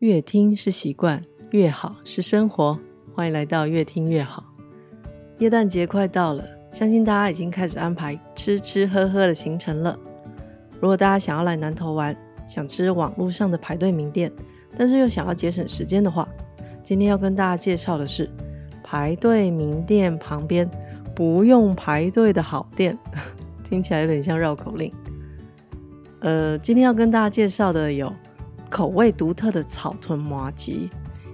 越聽是習慣，越好是生活。歡迎來到越聽越好。耶誕節快到了，相信大家已經開始安排吃吃喝喝的行程了。如果大家想要來南投玩，想吃網路上的排隊名店，但是又想要節省時間的話，今天要跟大家介紹的是排隊名店旁邊，不用排隊的好店。聽起來有點像繞口令。呃，今天要跟大家介紹的有。口味獨特的草屯麻糬，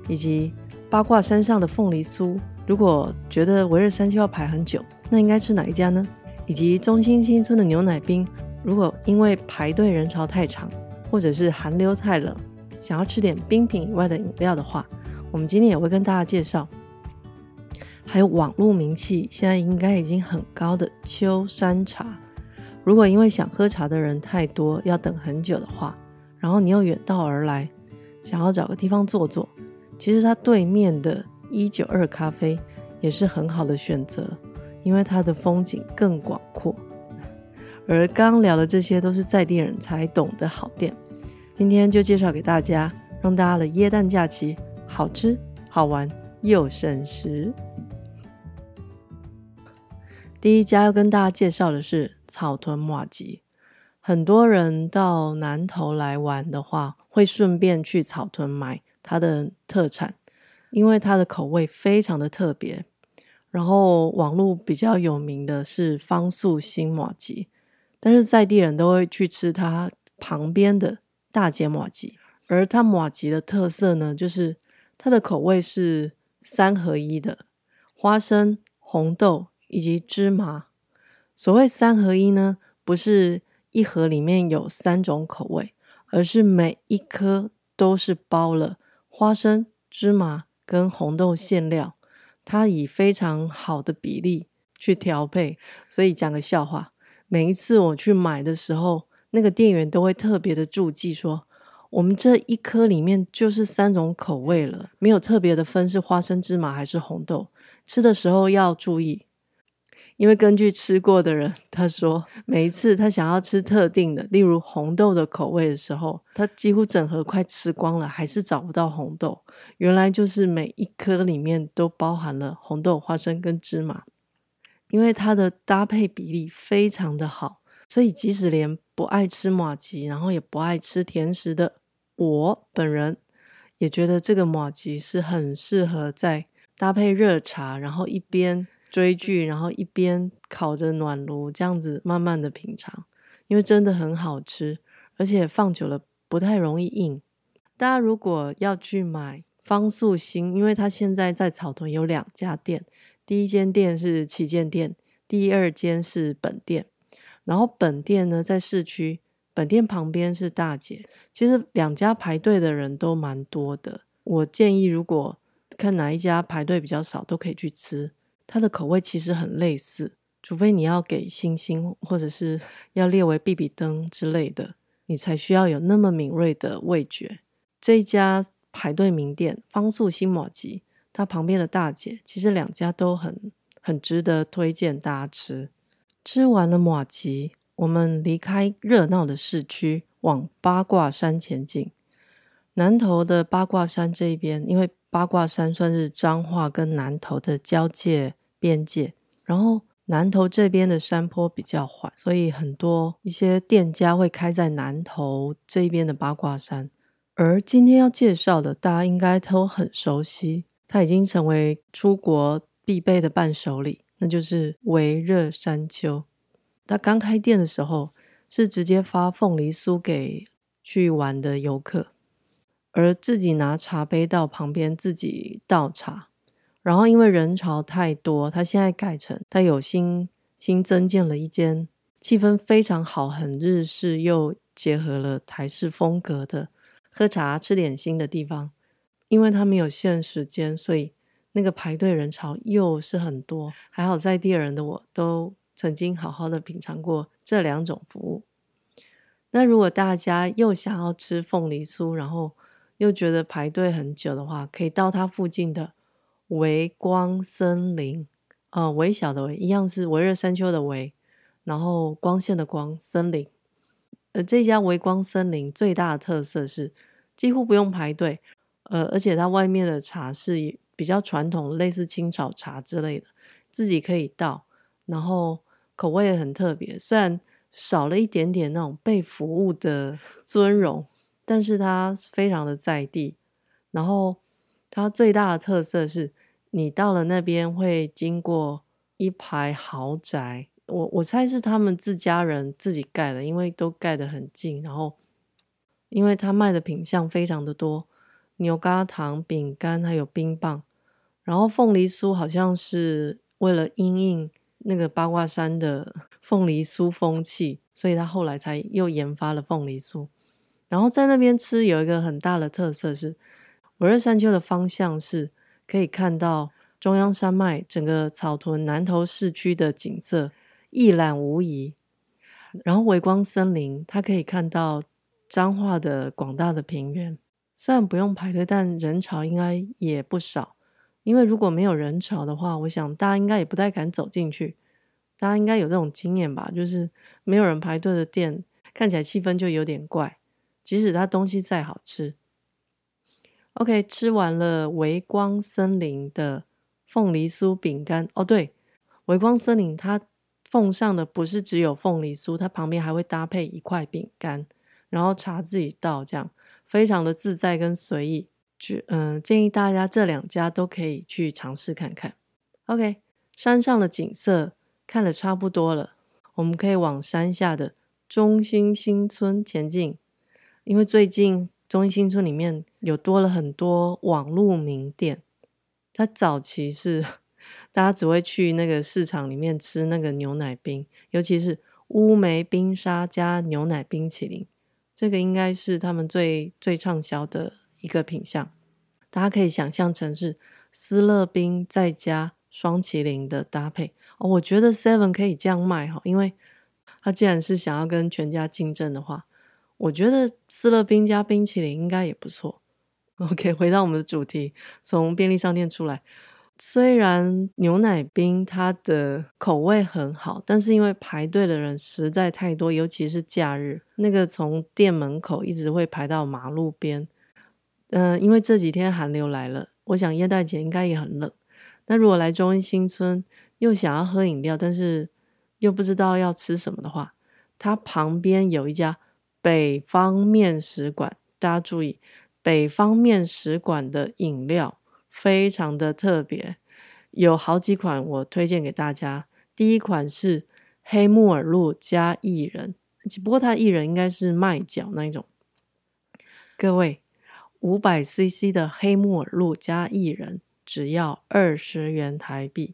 以及八卦山上的鳳梨酥。如果覺得微熱山丘要排很久，那應該吃哪一家呢？以及中興新村的牛奶冰。如果因為排隊人潮太長，或者是寒流太冷，想要吃點冰品以外的飲料的話，我們今天也會跟大家介紹。還有網絡名氣現在應該已經很高的丘山茶。如果因為想喝茶的人太多，要等很久的話。然後你又遠道而來，想要找個地方坐坐，其實它對面的192咖啡也是很好的選擇，因為它的風景更廣闊。而剛聊的這些都是在地人才懂的好店，今天就介紹給大家，讓大家的耶誕假期好吃、好玩又省時。第一家要跟大家介紹的是草屯麻糬。很多人到南投來玩的話，會順便去草屯買它的特產，因為它的口味非常的特別。然後網絡比較有名的是方素馨麻糬，但是在地人都會去吃它旁邊的大姐麻糬。而它麻糬的特色呢，就是它的口味是三合一的花生、紅豆以及芝麻。所謂三合一呢，不是。一盒裡面有三種口味，而是每一顆都是包了花生、芝麻跟紅豆餡料，它以非常好的比例去調配。所以講個笑話，每一次我去買的時候，那個店員都會特別的注記說：“我們這一顆裡面就是三種口味了，沒有特別的分是花生、芝麻還是紅豆，吃的時候要注意。”因為根據吃過的人，他說每一次他想要吃特定的，例如紅豆的口味的時候，他幾乎整盒快吃光了，還是找不到紅豆。原來就是每一顆裡面都包含了紅豆、花生跟芝麻，因為它的搭配比例非常的好，所以即使連不愛吃麻糬，然後也不愛吃甜食的我本人，也覺得這個麻糬是很適合再搭配熱茶，然後一邊。追劇，然後一邊烤着暖爐，這樣子慢慢的品嘗，因為真的很好吃，而且放久了不太容易硬。大家如果要去買方素馨，因為他現在在草屯有兩家店，第一間店是旗艦店，第二間是本店。然後本店呢，在市區，本店旁邊是大姐。其實兩家排隊的人都蠻多的，我建議如果看哪一家排隊比較少，都可以去吃。它的口味其實很類似，除非你要給星星，或者是要列為必比登之類的，你才需要有那麼敏銳的味覺。這一家排隊名店方素馨麻糬，它旁邊的大姐，其實兩家都很很值得推薦大家吃。吃完了麻糬，我們離開熱鬧的市區，往八卦山前進。南投的八卦山這一邊，因為八卦山算是彰化跟南投的交界。邊界，然後南投這邊的山坡比較緩，所以很多一些店家會開在南投這邊的八卦山。而今天要介紹的，大家應該都很熟悉，它已經成為出國必備的伴手禮，那就是微熱山丘。它剛開店的時候是直接發鳳梨酥給去玩的遊客，而自己拿茶杯到旁邊自己倒茶。然後因為人潮太多，他現在改成他有新新增建了一間氣氛非常好，很日式又結合了台式風格的喝茶吃點心的地方。因為他沒有限時間，所以那個排隊人潮又是很多。還好在地人的我都曾經好好的品嘗過這兩種服務。那如果大家又想要吃鳳梨酥，然後又覺得排隊很久的話，可以到他附近的。微光森林，呃，微小的微，一樣是微熱山丘的微，然後光線的光森林。呃，這家微光森林最大的特色是幾乎不用排隊，呃，而且它外面的茶是比較傳統，類似青草茶之類的，自己可以倒，然後口味也很特別。雖然少了一點點那種被服務的尊榮，但是它非常的在地。然後它最大的特色是。你到了那邊會經過一排豪宅，我我猜是他們自家人自己蓋的，因為都蓋得很近。然後，因為他賣的品項非常的多，牛軋糖、餅乾還有冰棒，然後鳳梨酥，好像是為了因應那個八卦山的鳳梨酥風氣，所以他後來才又研發了鳳梨酥。然後在那邊吃有一個很大的特色是，微熱山丘的方向是。可以看到中央山脈整個草屯南投市區的景色一覽無遺，然後微光森林，它可以看到彰化的廣大的平原。雖然不用排隊，但人潮應該也不少。因為如果沒有人潮的話，我想大家應該也不太敢走進去。大家應該有這種經驗吧，就是沒有人排隊的店，看起來氣氛就有點怪。即使它東西再好吃。OK，吃完了微光森林的鳳梨酥餅乾。哦、oh,，對，微光森林它奉上的不是只有鳳梨酥，它旁邊還會搭配一塊餅乾，然後茶自己倒，這樣非常的自在跟隨意。就、呃、嗯，建議大家這兩家都可以去嘗試看看。OK，山上的景色看得差不多了，我們可以往山下的中興新村前進，因為最近。中興新村裡面有多了很多網絡名店，它早期是大家只會去那個市場裡面吃那個牛奶冰，尤其是烏梅冰沙加牛奶冰淇淋，這個應該是他們最最暢銷的一個品項。大家可以想象成是思樂冰再加雙淇淋的搭配。哦，我覺得 Seven 可以這樣賣哈，因為他既然是想要跟全家競爭的話。我覺得思樂冰加冰淇淋應該也不錯。OK，回到我們的主題，從便利商店出來，雖然牛奶冰它的口味很好，但是因為排隊的人實在太多，尤其是假日，那個從店門口一直會排到馬路邊。嗯、呃，因為這幾天寒流來了，我想耶誕節應該也很冷。那如果來中興新村又想要喝飲料，但是又不知道要吃什麼的話，它旁邊有一家。北方麵食館，大家注意，北方麵食館的飲料非常的特別，有好幾款我推薦給大家。第一款是黑木耳露加薏仁，不過它薏仁應該是麥角那一種。各位，五百 CC 的黑木耳露加薏仁只要二十元台幣，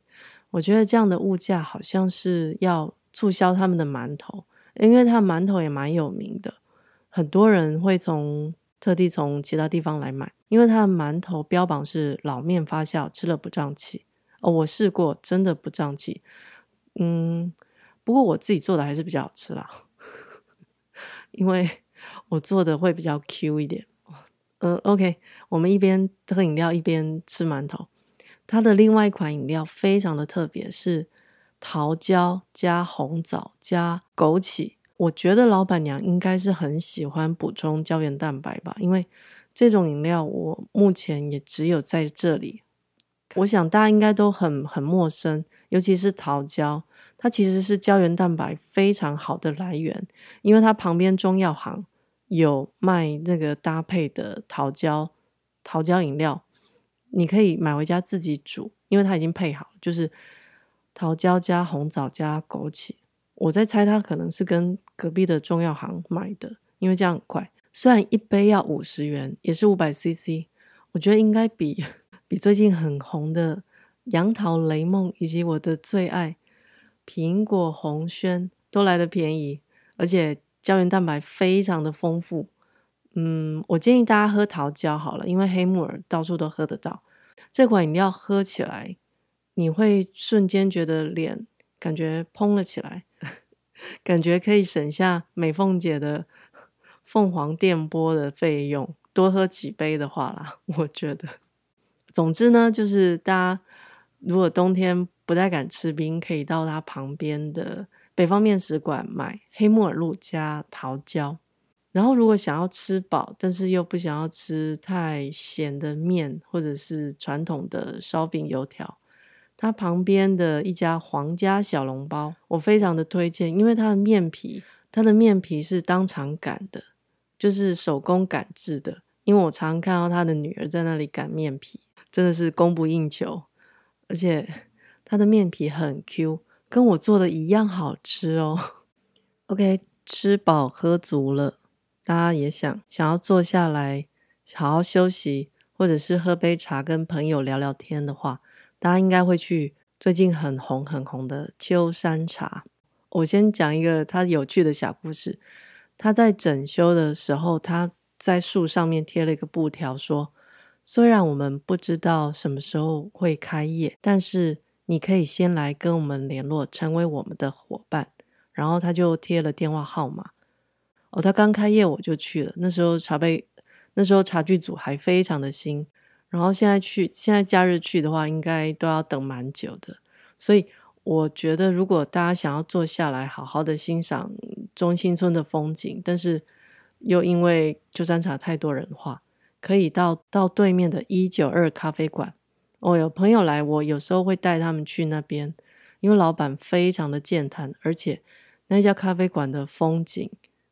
我覺得這樣的物價好像是要促銷他們的饅頭。因為它的饅頭也蠻有名的，很多人會從特地從其他地方來買，因為它的饅頭標榜是老麵發酵，吃了不脹氣。哦，我試過，真的不脹氣。嗯，不過我自己做的還是比較好吃啦， 因為我做的會比較 Q 一點。嗯，OK，我們一邊喝飲料一邊吃饅頭。它的另外一款飲料非常的特別，是。桃膠加紅棗加枸杞，我覺得老板娘應該是很喜歡補充膠原蛋白吧，因為這種飲料我目前也只有在這裡。我想大家應該都很很陌生，尤其是桃膠，它其實是膠原蛋白非常好的來源，因為它旁邊中藥行有賣那個搭配的桃膠桃膠飲料，你可以買回家自己煮，因為它已經配好，就是。桃膠加紅棗加枸杞，我在猜它可能是跟隔壁的中藥行買的，因為這樣很快。雖然一杯要五十元，也是五百 CC，我覺得應該比比最近很紅的楊桃雷夢以及我的最愛蘋果紅軒都來得便宜，而且膠原蛋白非常的豐富。嗯，我建議大家喝桃膠好了，因為黑木耳到處都喝得到。這款飲料喝起來。你會瞬間覺得臉感覺膨了起來，感覺可以省下美鳳姐的鳳凰電波的費用，多喝幾杯的話啦，我覺得。總之呢，就是大家如果冬天不太敢吃冰，可以到它旁邊的北方麵食館買黑木耳露加桃膠。然後，如果想要吃飽，但是又不想要吃太鹹的麵，或者是傳統的燒餅油條。他旁邊的一家黃家小籠包，我非常的推薦，因為它的麵皮，它的麵皮是當場擀的，就是手工擀制的。因為我常看到他的女兒在那裡擀麵皮，真的是供不應求，而且它的麵皮很 Q，跟我做的一樣好吃哦。OK，吃飽喝足了，大家也想想要坐下來好好休息，或者是喝杯茶跟朋友聊聊天的話。大家應該會去最近很紅很紅的丘山茶。我先講一個它有趣的小故事。他在整修的時候，他在樹上面貼了一個布條，說：“雖然我們不知道什麼時候會開業，但是你可以先來跟我們聯絡，成為我們的夥伴。”然後他就貼了電話號碼。哦，他剛開業我就去了。那時候茶杯，那時候茶具組還非常的新。然後現在去，現在假日去的話，應該都要等蠻久的。所以我覺得，如果大家想要坐下來好好的欣賞中興新村的風景，但是又因為丘山茶太多人的話，可以到到對面的一九二咖啡館。哦，有朋友來，我有時候會帶他們去那邊，因為老闆非常的健談，而且那家咖啡館的風景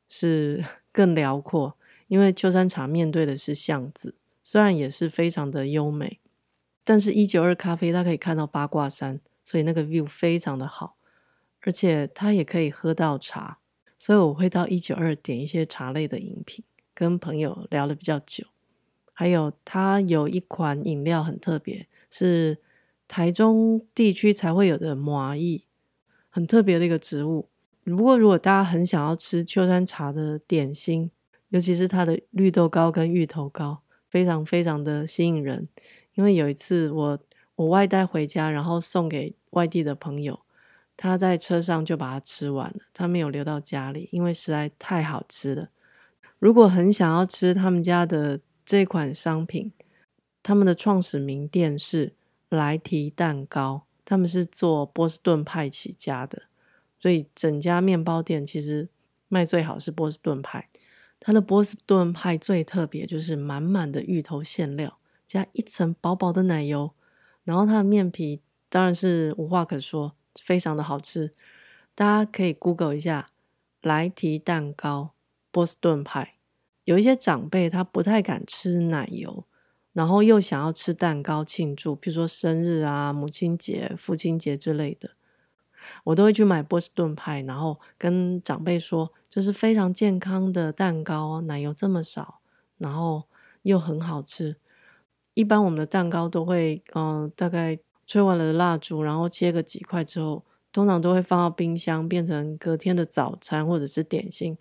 是更遼闊，因為丘山茶面對的是巷子。雖然也是非常的優美，但是一九二咖啡它可以看到八卦山，所以那個 view 非常的好，而且它也可以喝到茶，所以我會到一九二點一些茶類的飲品，跟朋友聊的比較久。還有它有一款飲料很特別，是台中地區才會有的麻芛，很特別的一個植物。不過如果大家很想要吃丘山茶的點心，尤其是它的綠豆糕跟芋頭糕。非常非常的吸引人，因為有一次我我外帶回家，然後送給外地的朋友，他在車上就把它吃完了，他沒有留到家裡，因為實在太好吃了。如果很想要吃他們家的這款商品，他們的創始名店是萊提蛋糕，他們是做波士頓派起家的，所以整家麵包店其實賣最好是波士頓派。它的波士頓派最特別，就是滿滿的芋頭餡料，加一層薄薄的奶油，然後它的麵皮當然是無話可說，非常的好吃。大家可以 Google 一下，萊提蛋糕，波士頓派。有一些長輩他不太敢吃奶油，然後又想要吃蛋糕慶祝，譬如說生日啊、母親節、父親節之類的。我都會去買波士頓派，然後跟長輩說，這、就是非常健康的蛋糕，奶油這麼少，然後又很好吃。一般我們的蛋糕都會，嗯、呃，大概吹完了蠟燭，然後切個幾塊之後，通常都會放到冰箱，變成隔天的早餐或者是點心。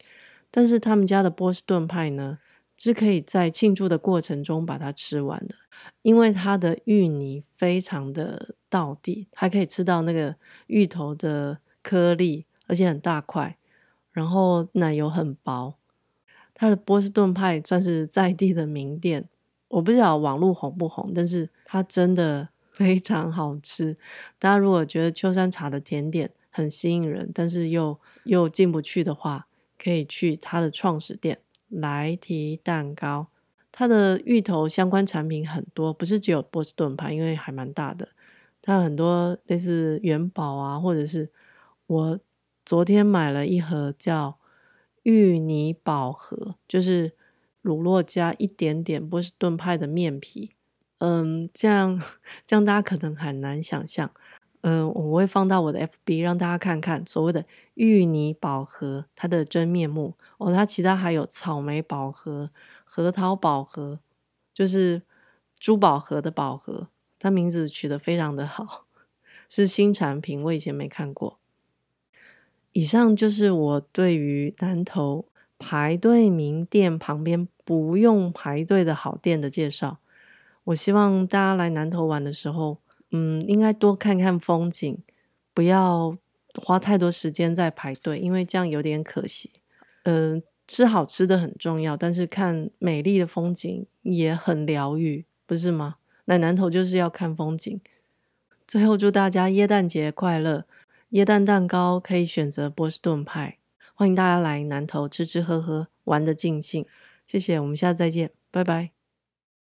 但是他們家的波士頓派呢，是可以在慶祝的過程中把它吃完的，因為它的芋泥非常的。到底還可以吃到那個芋頭的顆粒，而且很大塊，然後奶油很薄。它的波士頓派算是在地的名店，我不知道網絡紅不紅，但是它真的非常好吃。大家如果覺得丘山茶的甜點很吸引人，但是又又進不去的話，可以去它的創始店來提蛋糕。它的芋頭相關產品很多，不是只有波士頓派，因為還蠻大的。它很多類似元寶啊，或者是我昨天買了一盒叫芋泥寶盒，就是乳酪加一點點波士頓派的面皮，嗯，這樣這樣大家可能很難想象，嗯，我會放到我的 FB 讓大家看看所謂的芋泥寶盒它的真面目。哦，它其他還有草莓寶盒、核桃寶盒，就是珠寶盒的寶盒。它名字取得非常的好，是新產品，我以前沒看過。以上就是我對於南投排隊名店旁邊不用排隊的好店的介紹。我希望大家來南投玩的時候，嗯，應該多看看風景，不要花太多時間在排隊，因為這樣有點可惜。嗯、呃，吃好吃的很重要，但是看美麗的風景也很療癒，不是嗎？來南投就是要看風景，最後祝大家耶誕節快樂！耶誕蛋蛋糕可以選擇波士頓派，歡迎大家來南投吃吃喝喝，玩的盡興，謝謝，我們下次再見，拜拜。